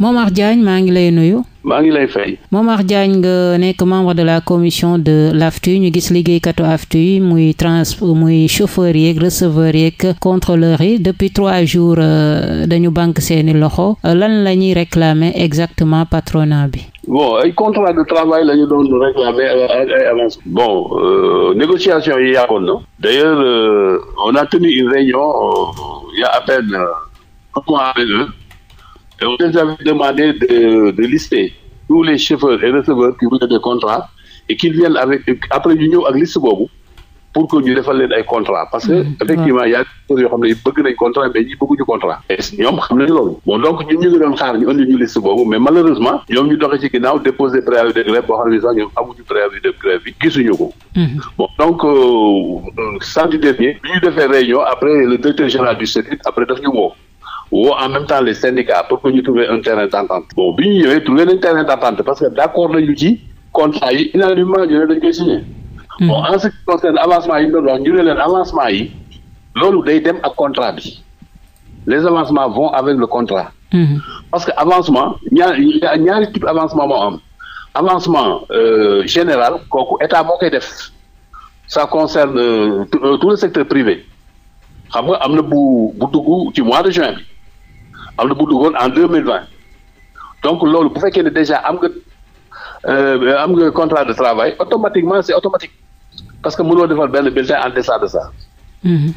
Momar Diagne maa ngi lay nuyu. maa ngi lay fay. Momar Diagne nga nekk membre de la commission de l'AFTU ñu gis liggéeykatu AFTU yi muy trans muy chauffeur yeeg receveur yeeg contrôleur yi depuis trois jours euh, dañu banque seeni loxo euh, lan la ñuy réclamer exactement patronat bi. bon ay contrat de travail la ñu doon réclamer ak avance. bon euh, négociation yi yàggoon na. d'ailleurs on a tenu une réunion euh, il y a à peine un Et on les avait demandé de, de, lister tous les chauffeurs et receveurs qui viennent avec après ñu ñëw ak liste boobu pour que ñu defal leen ay contrat parce que mm-hmm. effectivement y a xam ne bëgg nañ contrat mais xam nañu loolu bon donc ñu ñu indi ci ginnaaw déposé préavis de grève boo xam ne sax ñoom amuñu préavis de grève bi gisuñu ko mm-hmm. bon donc euh, euh, samedi dernier ñu defee réunion après le directeur général du SETIT après daf ñu woo woo en même temps les syndicats pour que ñu trouver un terrain d'entente bon bi ñu ñëwee trouver nañ terrain d'entente parce que d'accord nañu ci contrat yi unanimement ñu ne dañ koy signé. Hmm. bon en qui concerne avancement yi ñu doon leen avancement yi loolu day dem a contrat bi les avancements vont avec le contrat. Hmm. parce que avancement ñaari ñaari type avancement moo avancement euh, général kooku état moo koy def ça concerne euh, euh le secteur privé xam nga am na bu bu dugg ci mois de juin bi am na bu duggoon en deux mille vingt donc loolu bu fekkee ne déjà am nga euh, am nga contrat de travail automatiquement c'est automatique parce que mënoo defal benn bulletin en deçà de ça. Mm-hmm.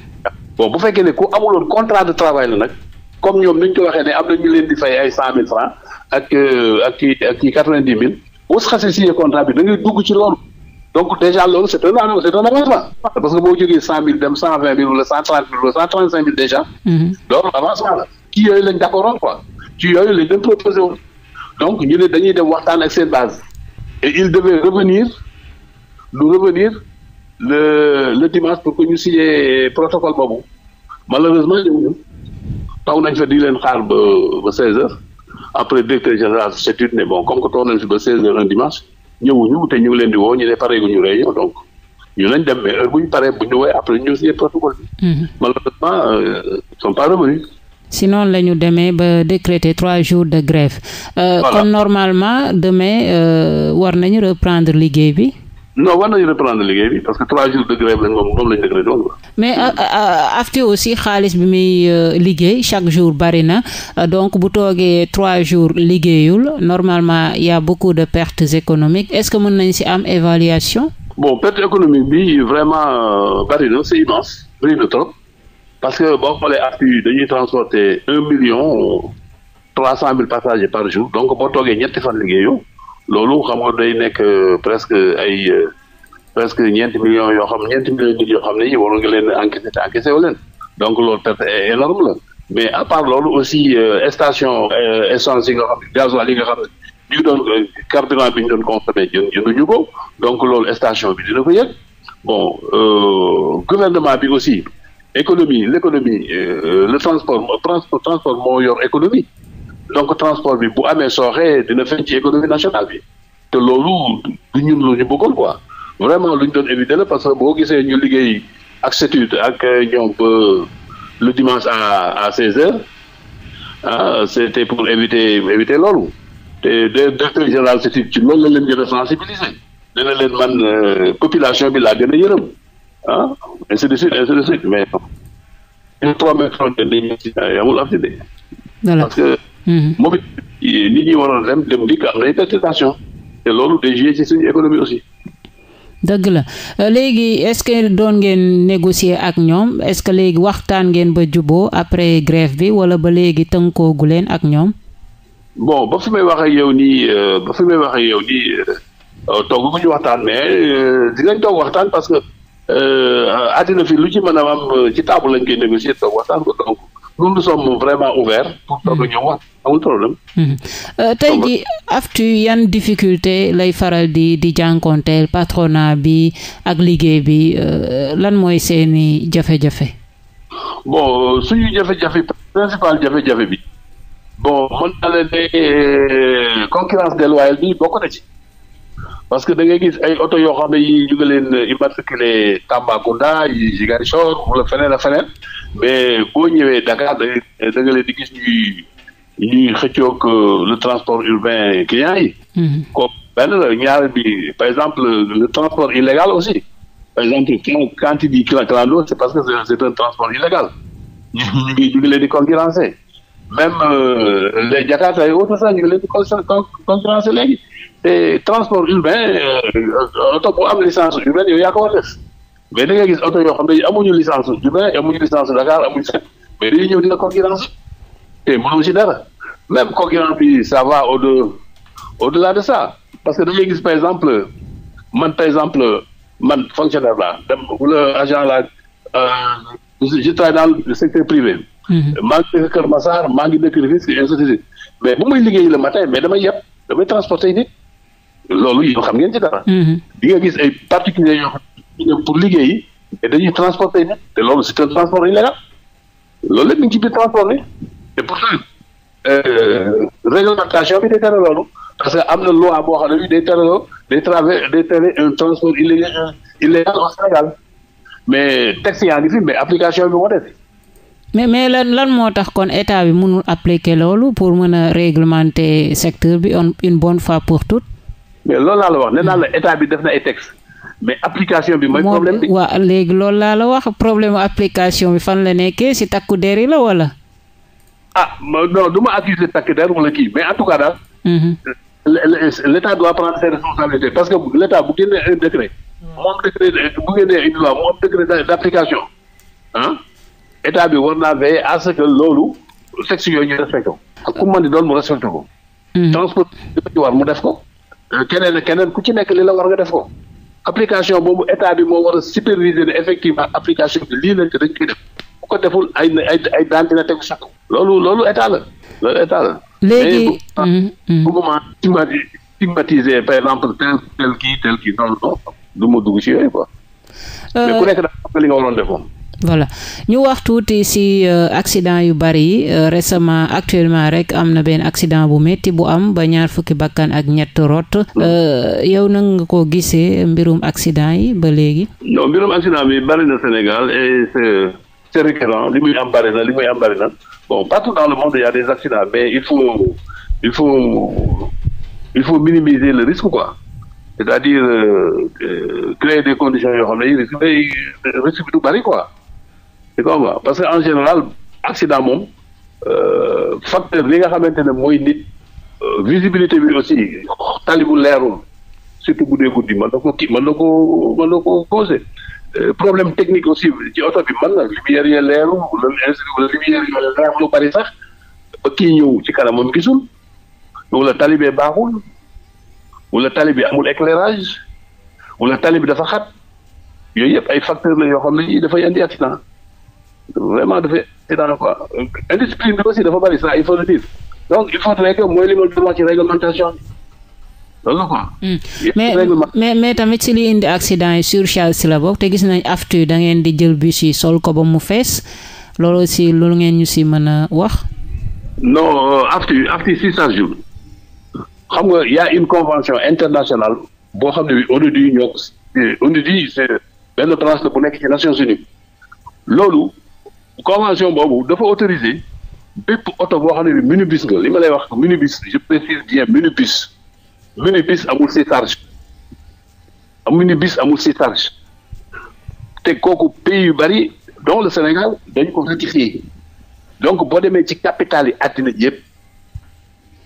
bon bu fekkee ne ku amuloon contrat de travail la nag comme ñoom ni ñu ko waxee ne am na ñu leen di fay ay cent mille francs ak euh, ak quatre vingt dix mille boo si xasee signé contrat bi da dugg ci loolu donc déjà loolu c'est un avancement parce que boo jógee cent mille dem ci yooyu lañ d'accordoon quoi ci yooyu lañ leen proposé donc ñu ne dañuy dem waxtaan ak seen base et il devait revenir lu revenir le dimanche pour que ñu signé protocole boobu malheureusement ñëwuñu taw nañ fa di leen xaar ba ba seize heures après directeur général CETUD ne bon comme que toog nañ fi ba seize heures un te ñu leen di woo ñu ne pare gu ñu réunion donc ñu nañ dem mais heure bu ñu paree bu ñu woowee après ñu signé protocole mm-hmm. malheureusement euh, ils pas revenus. si noonu la ñu demee ba décréter trois jours de grève. Euh, kon normalement demain euh, war nañu reprendre liggéey bi. non war nañu reprendre liggéey bi parce que trois jours de grève lañ moom moom lañ décrété mais euh, AFTU aussi xaalis bi muy liggéey chaque jour bari na donc bu toogee trois jours liggéeyul normalement y a beaucoup de pertes économiques est-ce que mën nañ ci am évaluation. bon perte économique bi vraiment bari c'est immense bari trop. parce que boo xoolee actes yi dañuy transporter un million trois cent mille passagers par jour donc boo toogee ñetti fan liggéeyu loolu xam nga day nekk euh, presque ay euh, presque ñeenti millions yoo xam ñeenti millions nit yoo xam ne yi waroon nga leen encaissé te encaissé wu leen donc loolu perte est énorme la mais à part loolu aussi euh, station essence yi nga xam ne yi nga xam ne ñu doon carburant bi ñu doon consommé jënd ñu ko donc loolu station bi dina ko yëg bon gouvernement bi aussi économie l'économie euh, euh le transport transport transport moo yor donc transport bi bou amee sooxee dina feeñ ci économie nationale bi te loolu du ñun lu ñu ko quoi vraiment lu ñu doon éviter la parce que boo gisee ñu liggéey ak CETUD ak euh, ñoom le dimanche à à a heures ah c'était pour éviter éviter loolu te directeur général CETUD ci loolu la leen gën a sensibiliser dina leen man euh, population bi laa gën a yërëm ah ainsi de suite ainsi de suite mais de. voilà mhm. te loolu day aussi. dëgg la euh, léegi est-ce que doon ngeen négocier ak ñoom est-ce que léegi waxtaan ngeen ba juboo après grève bi wala ba léegi tënkoogu leen ak ñoom. bon ba fi may wax ak yow nii euh, ba fi may wax ak yow nii euh, toogu ñu waxtaan mais dinañ toog waxtaan parce que. Euh, àddina fi lu ci mën a am euh, ci table lañ koy négocier toog waxtaan ko donc nous nous sommes vraiment ouverts pour toog ñoom wax amul problème. Mhm. Euh, tey jii aftu yan difficulté lay faral di di jànkonteel patronat bi ak liggéey bi lan mooy seeni jafe-jafe. bon suñu jafe-jafe bi bon mën na leen ne concurrence déloyale bi bokk na ci. parce que da ngay gis ay oto yoo xam ne yi ñu ngi leen immatriculé Tambacounda yi Ziguinchor wala feneen a feneen mais boo ñëwee Dakar da da nga leen di gis ñuy ñuy xëccoog euh, le transport urbain clients yi mm-hmm. comme benn la ñaar bi par exemple le transport illégal aussi par exemple quand il dit clando c'est parce que c'est un transport illégal ñu ngi ñu ngi concurrencer même euh, les jakarta et autres sax ñu ngi leen di concurrence léegi te transport urbain euh, oto bu am licence urbaine yooyu yaa ko war def mais da ngay gis oto yoo xam ne amuñu licence urbain amuñu licence Dakar amuñu seen mais dañuy ñëw dina concurrence te mënoo ci dara même concurrence bi ça va au de au delà de ça parce que da ngay gis par exemple man par exemple man fonctionnaire la dem wala agent la euh, je travaille dans le secteur privé Mm-hmm. maa ngi dëkk Kër Massar maa ngi dëkk Rufisque et ainsi de suite mais bu may liggéey le matin mais damay yeb damay transporter nit loolu yéen xam ngeen ci dara. Mm-hmm. di nga gis ay particuliers yoo xam pour liggéeyi te dañuy transporter nit te loolu c'est un transport illégal loolu lépp ñu ci biir transport bi te euh, réglementation bi day tere loolu parce que am na loi boo xam ne bi day tere loolu day travers day tere un transport illégal illégal Sénégal mais texte yaa ngi fi mais application bi moo def. mais mais lan lan moo tax kon état bi mënul appliquer loolu pour mën a réglementer secteur bi on une bon fois pour tout mais loolu laa la wax nee naa la hmm. état bi def na ay textes mais application bi mooy problème bi. waaw léegi loolu laa la wax problème application bi fan la nekkee si takku der yi la wala. ah non du ma accuser takku der wala kii mais en tout cas daal. Mm-hmm. l' état doit prendre ses responsabilités parce que l' état bu génnee un décret. mu am décret état bi war naa veiller à ce que loolu sexe yooyu ñu respecté ko ak ku mën di doon mu respecté ko. Mhm. transport li ko ci war mu def ko. Euh, keneen ak keneen ku ci nekk li la war nga def ko. application boobu état bi moo war a superviser ne effectivement application bi lii la ko dañ koy deful ay ay ay daan dina tegu sax loolu loolu état la loolu état la. léegi bu mhm, mhm. ma par exemple tel tel kii tel kii noonu non ma dugg ci yooyu quoi. Euh, mais ku nekk daal nga waroon def moom. voilà ñu wax tuuti si euh, accident yu bari yi euh, récemment actuellement rek am na benn accident bu métti bu am ba ñaar fukki bakkan ak ñett rot euh, yow na nga ko gisee mbirum accident yi ba léegi. non mbirum accident bi bari na Sénégal et c'est c'est li muy am bari na li muy am bari na bon partout dans le monde il y a des accidents mais il faut il faut minimiser le risque quoi. c'est-à-dire créer des conditions yoo xam ne risque bi du bari quoi tu comprends parce que en général accident moom euh, facteur li nga xamante ne mooy nit euh, visibilité bi aussi tali bu leerul surtout bu dee guddi mën na ko kii man na ko mën na ko causé euh, problème technique aussi ci oto bi mën na lumière yi leerul wala lumière yi leerul lu bari sax ba kii ñëw ci kanamam gisul wala tali baaxul wala tali bi amul éclairage wala tali bi dafa xat yooyu yëpp ay facteurs la yoo xam ne dafay indi accident. vraiment dafay sédan quoi indiscipline bi aussi dafa bëri ça il faut le dire donc il faudrait que mooy li ma doon wax hmm. réglementation mais mais tamit si li indi accident yi surcharge si la bokk te gis nañ aftu da ngeen di jël bus yi sol ko ba mu fees loolu aussi loolu ngeen ñu si mën a wax. non euh, aftu aftu six cent jours xam nga y' une convention internationale boo xam ne bi ONUDI ñoo ko ONUDI c' est benn branche la bu nekk ci Nations Unies loolu. convention boobu dafa autorisé bépp oto boo xam ne bi minibus nga li ma lay wax minibus je précise bien minibus minibus amul si charge minibus amul si charge te kooku pays yu bari dont le Sénégal dañu ko ratifié donc boo demee ci capitale yi àddina yëpp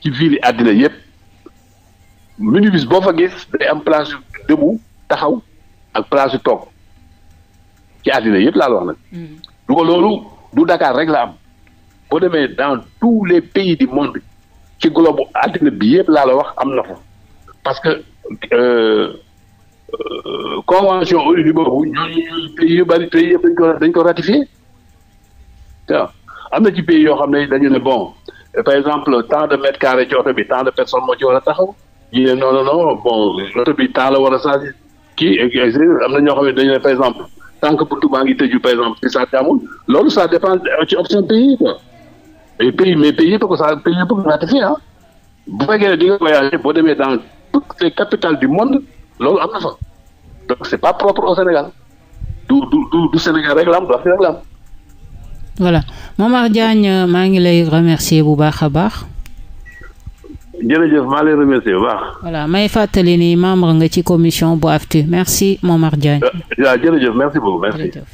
ci ville yi àddina yëpp minibus boo fa gis day am place yu debout taxaw ak place yu toog ci àddina yëpp laa wax nag hmm. du ko loolu du Dakar rek la am boo demee dans tous les pays du monde ci globe àddina bi yëpp laa la wax am na fa parce que euh, euh, convention ONU boobu ñooñu pays yu bari pays yëpp dañ ko dañ ko am na ci pays yoo xam ne dañu ne bon par exemple tant de mètres carrés ci oto bi tant de personnes moo ci war a taxaw ñu ne non non bon oto bi tant la war a changé kii am na ñoo xam ne dañu ne par exemple tant que buntu baa ngi tëju par exemple si saa amul loolu ça dépend ci option pays yi quoi et pays mais pays yëpp ko sa pays yëpp ko ratifié ah bu fekkee ne nga voyagé boo demee dans toutes les capitales du monde loolu am na fa donc c'est pas propre au Sénégal du du Sénégal rek la am du Afrique rek la am maa ngi lay remercier bu baax a baax. jërëjëf maa lay remercier bu baax. voilà may ni membre nga ci commission bu AFTU merci Momar Diagne. Euh, waaw jërëjëf